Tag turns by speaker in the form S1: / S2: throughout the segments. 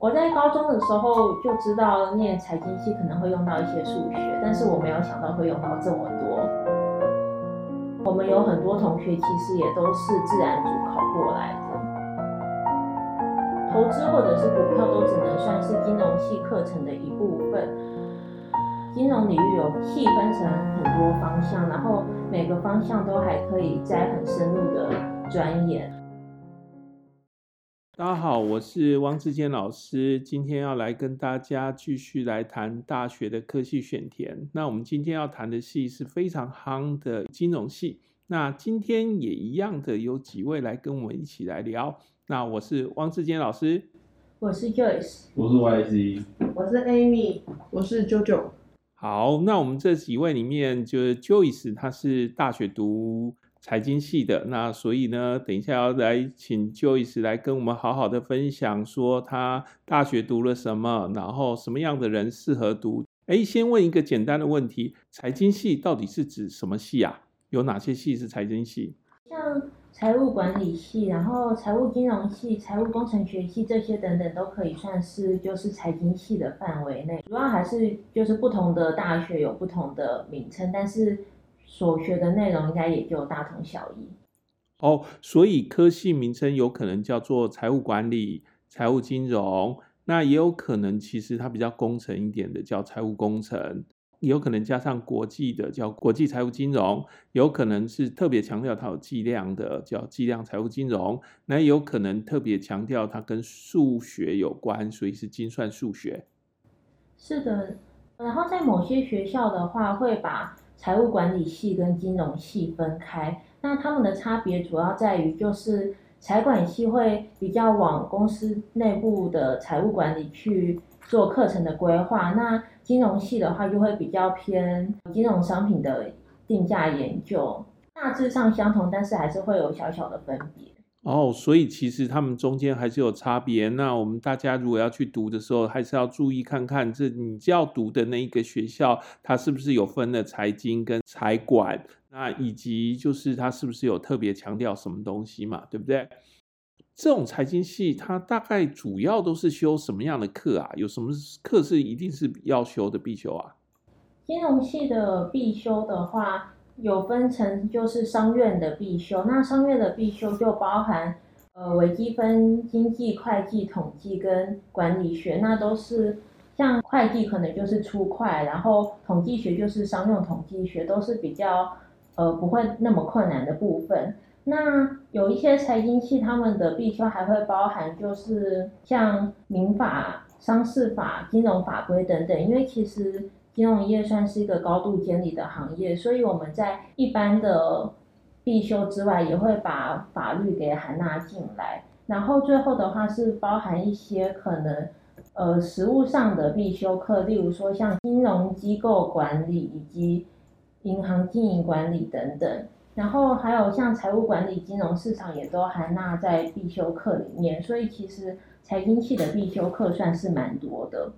S1: 我在高中的時候就知道念財經系可能會用到一些數學，但是我沒有想到會用到這麼多。我們有很多同學其實也都是自然組考過來的，投資或者是股票都只能算是金融系課程的一部分。金融領域有細分成很多方向，然後每個方向都還可以再很深入的鑽研。
S2: 大家好，我是汪志堅老師，今天要來跟大家繼續來談大學的科系選填。那我們今天要談的系是非常夯的金融系。那今天也一樣的有幾位來跟我們一起來聊。那我是汪志堅老師，
S1: 我是 Joyce，我是 YZ，我是 Amy，我是 JoJo。
S2: 好，那我們這幾位裡面，就是 Joyce，他是大學讀財經系的那，所以呢，等一下要來請 Joyce 來跟我們好好的分享，說他大學讀了什麼，然後什麼樣的人適合讀。哎，先問一個簡單的問題：財經系到底是指什麼系啊？有哪些系是財經系？
S1: 像財務管理系，然後財務金融系、財務工程學系這些等等，都可以算是就是財經系的範圍內。主要還是就是不同的大學有不同的名稱，但是，所學的內容應該也就大同小異
S2: 哦，oh, 所以科系名稱有可能叫做財務管理、財務金融，那也有可能其實它比較工程一點的叫財務工程，有可能加上國際的叫國際財務金融，有可能是特別強調它有計量的叫計量財務金融，那也有可能特別強調它跟數學有關，所以是精算數學。
S1: 是的，然後在某些學校的話會把。財務管理系跟金融系分開，那他們的差別主要在於，就是財管系會比較往公司內部的財務管理去做課程的規劃，那金融系的話就會比較偏金融商品的定價研究。大致上相同，但是還是會有小小的分別。
S2: 哦，oh, 所以其實他們中間還是有差別。那我們大家如果要去讀的時候，還是要注意看看，這你要讀的那一個學校，它是不是有分了財經跟財管，那以及就是它是不是有特別強調什麼東西嘛，對不對？這種財經系，它大概主要都是修什麼樣的課啊？有什麼課是一定是要修的必修啊？
S1: 金融系的必修的話。有分成，就是商院的必修。那商院的必修就包含，呃，微積分、經濟、會計、統計跟管理學。那都是像會計可能就是初會，然後統計學就是商用統計學，都是比較呃不會那麼困難的部分。那有一些財經系他們的必修還會包含，就是像民法、商事法、金融法規等等。因為其實。金融業算是一個高度監理的行業，所以我們在一般的必修之外，也會把法律給含納進來。然後最後的話是包含一些可能，呃，實務上的必修課，例如說像金融機構管理以及銀行經營管理等等。然後還有像財務管理、金融市場也都含納在必修課裡面。所以其實財經系的必修課算是蠻多的。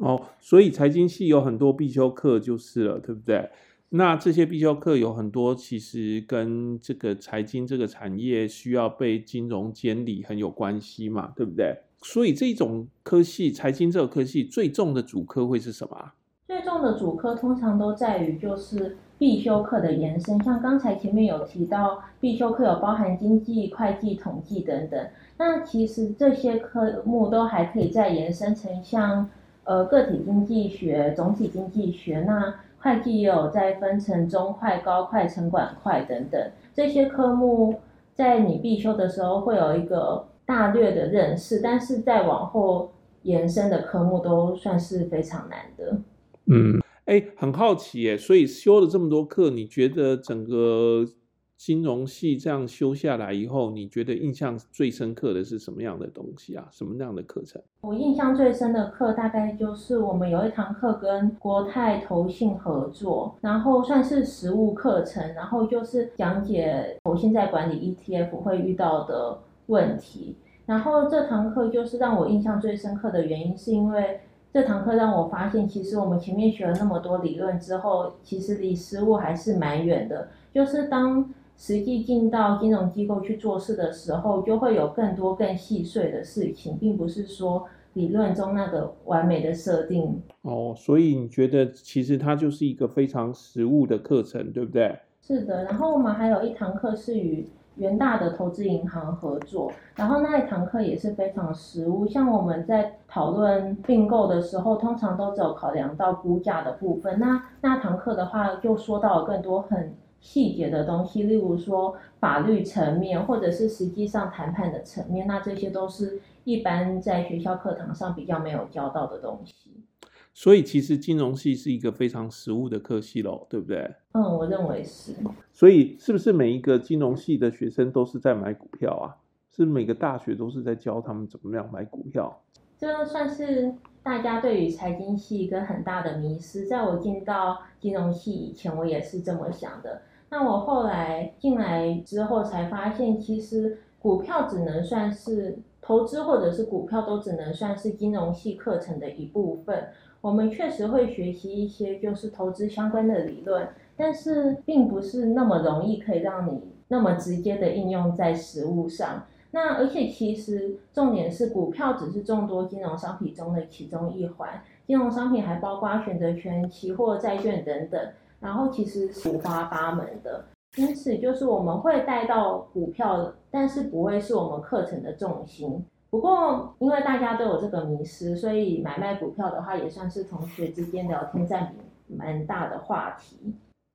S2: 哦，所以財經系有很多必修課，就是了，對不對？那這些必修課有很多，其實跟這個財經這個產業需要被金融監理很有關係嘛，對不對？所以這種科系，財經這個科系最重的主科會是什麼？
S1: 最重的主科通常都在於就是必修課的延伸，像剛才前面有提到，必修課有包含經濟、會計、統計等等，那其實這些科目都還可以再延伸成像。呃，個體經濟學、總體經濟學，那會計也有在分成中會、高會、成管會等等這些科目，在你必修的時候會有一個大略的認識，但是再往後延伸的科目都算是非常難的。
S2: 嗯，哎、欸，很好奇耶、欸，所以修了這麼多課，你覺得整個？金融系這樣修下來以後，你覺得印象最深刻的是什麼樣的東西啊？什麼樣的課程？
S1: 我印象最深的課大概就是我們有一堂課跟國泰投信合作，然後算是實務課程，然後就是講解我現在管理 ETF 會遇到的問題。然後這堂課就是讓我印象最深刻的原因，是因為這堂課讓我發現，其實我們前面學了那麼多理論之後，其實離實務還是蠻遠的。就是當實際進到金融機構去做事的時候，就會有更多更細碎的事情，並不是說理論中那個完美的設定。
S2: 哦，所以你覺得其實它就是一個非常實務的課程，對不對？
S1: 是的，然後我們還有一堂課是與元大的投資銀行合作，然後那一堂課也是非常實務。像我們在討論併購的時候，通常都只有考量到估價的部分。那那堂課的話，就說到了更多很細節的東西，例如說法律層面，或者是實際上談判的層面，那這些都是一般在學校課堂上比較沒有教到的東西。
S2: 所以，其實金融系是一個非常實務的科系嘍，對不對？
S1: 嗯，我認為是。
S2: 所以，是不是每一個金融系的學生都是在買股票啊？是，是每個大學都是在教他們怎麼樣買股票？
S1: 這算是大家對於財經系一個很大的迷思。在我進到金融系以前，我也是這麼想的。那我後來進來之後才發現，其實股票只能算是投資，或者是股票都只能算是金融系課程的一部分。我們確實會學習一些就是投資相關的理論，但是並不是那麼容易可以讓你那麼直接的應用在實務上。那而且其實重點是，股票只是眾多金融商品中的其中一環，金融商品還包括選擇權、期貨、債券等等。然後其實五花八門的，因此就是我們會帶到股票的，但是不會是我們課程的重心。不過因為大家都有這個迷思，所以買賣股票的話也算是同學之間聊天佔比蠻大的話題。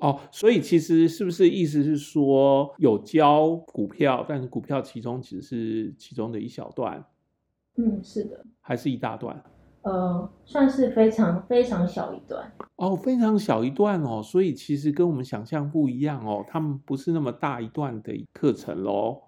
S2: 哦，所以其實是不是意思是說有教股票，但是股票其中只是其中的一小段？嗯，
S1: 是的，
S2: 還是一大段。
S1: 呃，算是非常非常小一段
S2: 哦，非常小一段哦，所以其實跟我們想象不一樣哦，他們不是那麼大一段的課程咯。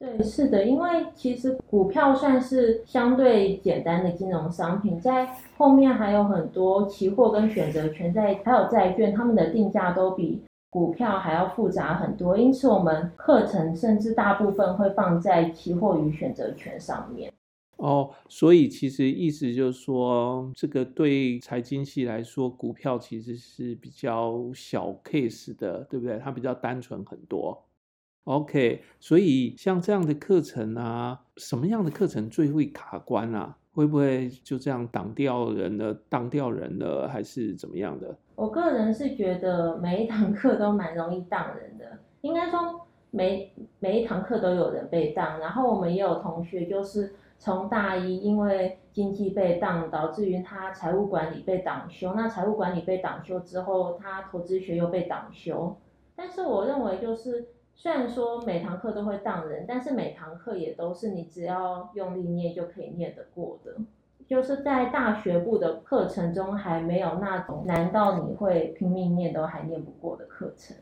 S1: 對，是的，因為其實股票算是相對簡單的金融商品，在後面還有很多期貨跟選擇權，在還有債券，他們的定價都比股票還要複雜很多，因此我們課程甚至大部分會放在期貨與選擇權上面。
S2: 哦，oh, 所以其實意思就是說，這個對財經系來說，股票其實是比較小 case 的，對不對？它比較單純很多。OK，所以像這樣的課程啊，什麼樣的課程最會卡關啊？會不會就這樣擋掉人的？擋掉人的還是怎麼樣的？
S1: 我個人是覺得每一堂課都蠻容易擋人的，應該說每每一堂課都有人被擋。然後我們也有同學就是。從大一，因為經濟被當，導致於他財務管理被擋修。那財務管理被擋修之後，他投資學又被擋修。但是我認為，就是雖然說每堂課都會當人，但是每堂課也都是你只要用力念就可以念得過的。就是在大學部的課程中，還沒有那種難到你會拼命念都還念不過的課程。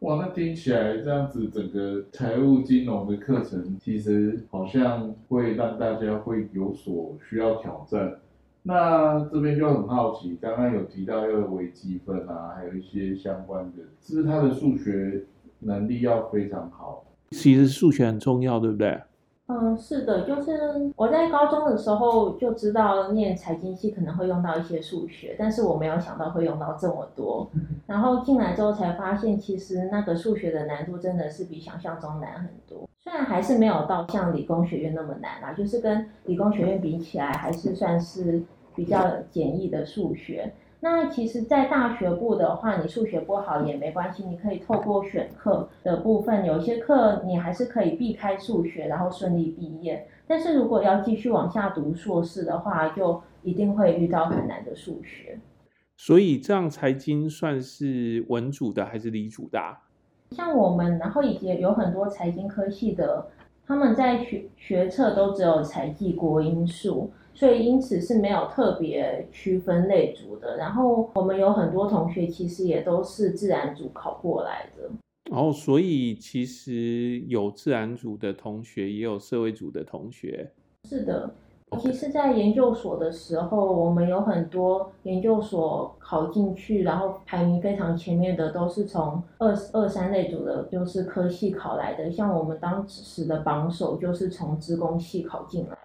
S2: 哇，那聽起來這樣子，整個財務金融的課程其實好像會讓大家會有所需要挑戰。那這邊就很好奇，剛剛有提到要有微積分啊，還有一些相關的，是不是他的數學能力要非常好？其實數學很重要，對不對？
S1: 嗯，是的，就是我在高中的時候就知道念財經系可能會用到一些數學，但是我沒有想到會用到這麼多。然後進來之後才發現，其實那個數學的難度真的是比想象中難很多。雖然還是沒有到像理工學院那麼難啦，啊，就是跟理工學院比起來，還是算是比較簡易的數學。那其實，在大學部的話，你數學不好也沒關係，你可以透過選課的部分，有些課你還是可以避開數學，然後順利畢業。但是如果要繼續往下讀碩士的話，就一定會遇到很難的數學。
S2: 所以，這樣財經算是文組的還是理組的
S1: 啊？像我們，然後以前有很多財經科系的，他們在學學測都只有採計國英數。所以因此是沒有特別區分類組的，然後我們有很多同學其實也都是自然組考過來的，
S2: 然後、哦、所以其實有自然組的同學，也有社會組的同學。
S1: 是的，其實在研究所的時候，我們有很多研究所考進去，然後排名非常前面的都是從二二三類組的，就是科系考來的。像我們當時的榜首就是從資工系考進來。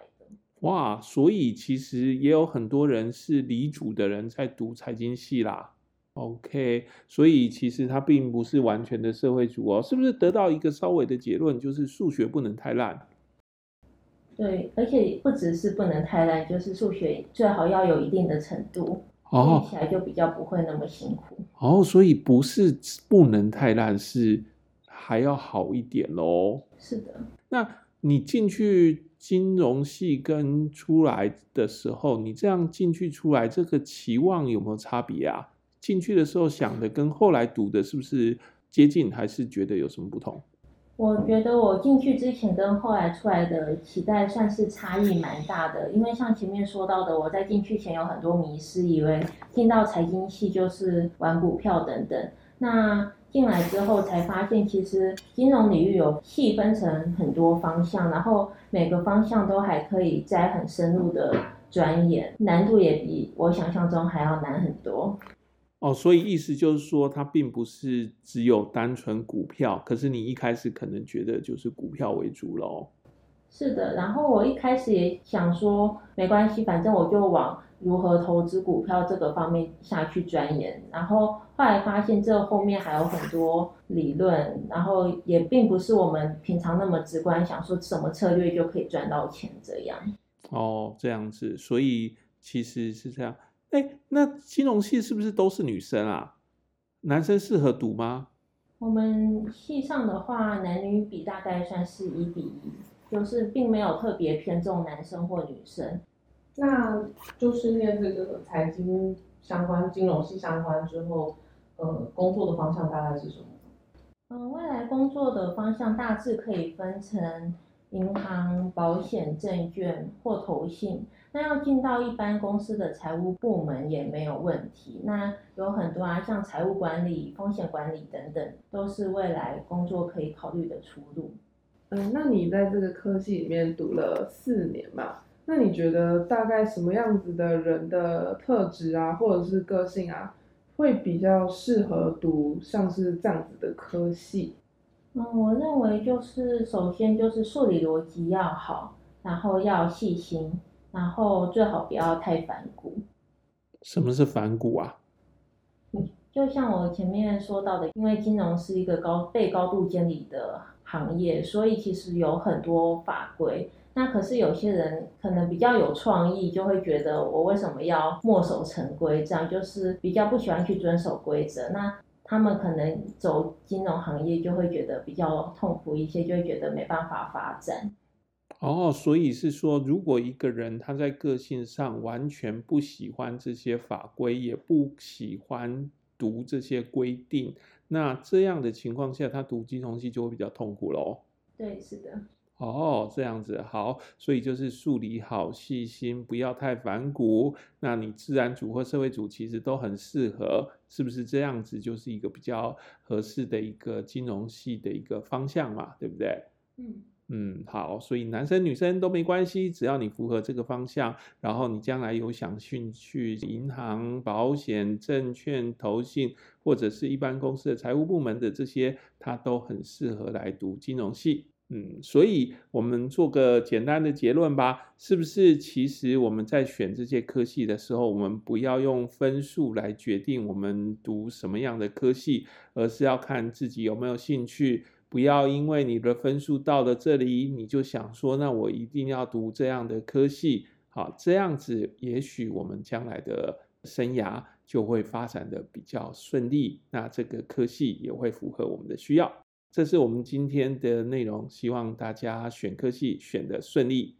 S2: 哇，所以其實也有很多人是理組的人在讀財經系啦。OK，所以其實他並不是完全的社會組哦，是不是得到一個稍微的結論，就是數學不能太爛？對，而
S1: 且不只是不能太爛，就是數學最好要有一定的程度哦，聽起來就比較不會那麼
S2: 辛苦。哦，所以不是不能太爛，是還要好一點哦。是的，那你進去。金融系跟出來的時候，你這樣進去出來，這個期望有沒有差別啊？進去的時候想的跟後來讀的是不是接近，還是覺得有什麼不同？
S1: 我覺得我進去之前跟後來出來的期待算是差異蠻大的，因為像前面說到的，我在進去前有很多迷思，以為進到財經系就是玩股票等等，那。進來之後才發現，其實金融領域有細分成很多方向，然後每個方向都還可以再很深入的鑽研，難度也比我想象中還要難很多。
S2: 哦，所以意思就是說，它並不是只有單純股票，可是你一開始可能覺得就是股票為主嘍。
S1: 是的，然後我一開始也想說沒關係，反正我就往如何投資股票這個方面下去鑽研。然後後來發現這後面還有很多理論，然後也並不是我們平常那麼直觀想說什麼策略就可以賺到錢這樣。
S2: 哦，這樣子，所以其實是這樣。誒，那金融系是不是都是女生啊？男生適合讀嗎？
S1: 我們系上的話，男女比大概算是一比一。就是並沒有特別偏重男生或女生，那就是念這個財經相關、金融系相關之後，呃，工作的方向大概是什麼？嗯，未來工作的方向大致可以分成銀行、保險、證券或投信。那要進到一般公司的財務部門也沒有問題。那有很多啊，像財務管理、風險管理等等，都是未來工作可以考慮的出路。嗯，那你在這個科系裡面讀了四年嘛？那你覺得大概什麼樣子的人的特質啊，或者是個性啊，會比較適合讀像是這樣子的科系？嗯，我認為就是首先就是數理邏輯要好，然後要細心，然後最好不要太反骨。
S2: 什麼是反骨啊？
S1: 就像我前面說到的，因為金融是一個高，被高度監理的行業，所以其實有很多法規。那可是有些人可能比較有創意，就會覺得我為什麼要墨守成規，這樣就是比較不喜歡去遵守規則。那他們可能走金融行業，就會覺得比較痛苦一些，就會覺得沒辦法發展。
S2: 哦，所以是說，如果一個人他在個性上完全不喜歡這些法規，也不喜歡讀這些規定。那這樣的情況下，他讀金融系就會比較痛苦咯。對，是的。哦，oh, 這樣子好，所以就是數理好、細心，不要太反骨。那你自然組和社會組其實都很適合，是不是這樣子？就是一個比較合適的一個金融系的一個方向嘛，對不對？嗯。嗯，好，所以男生女生都沒關係，只要你符合這個方向，然後你將來有想去銀行、保險、證券、投信，或者是一般公司的財務部門的這些，他都很適合來讀金融系。嗯，所以我們做個簡單的結論吧，是不是？其實我們在選這些科系的時候，我們不要用分數來決定我們讀什麼樣的科系，而是要看自己有沒有興趣。不要因為你的分數到了這裡，你就想說，那我一定要讀這樣的科系。好，這樣子也許我們將來的生涯，就會發展的比較順利，那這個科系也會符合我們的需要。這是我們今天的內容，希望大家選科系選的順利。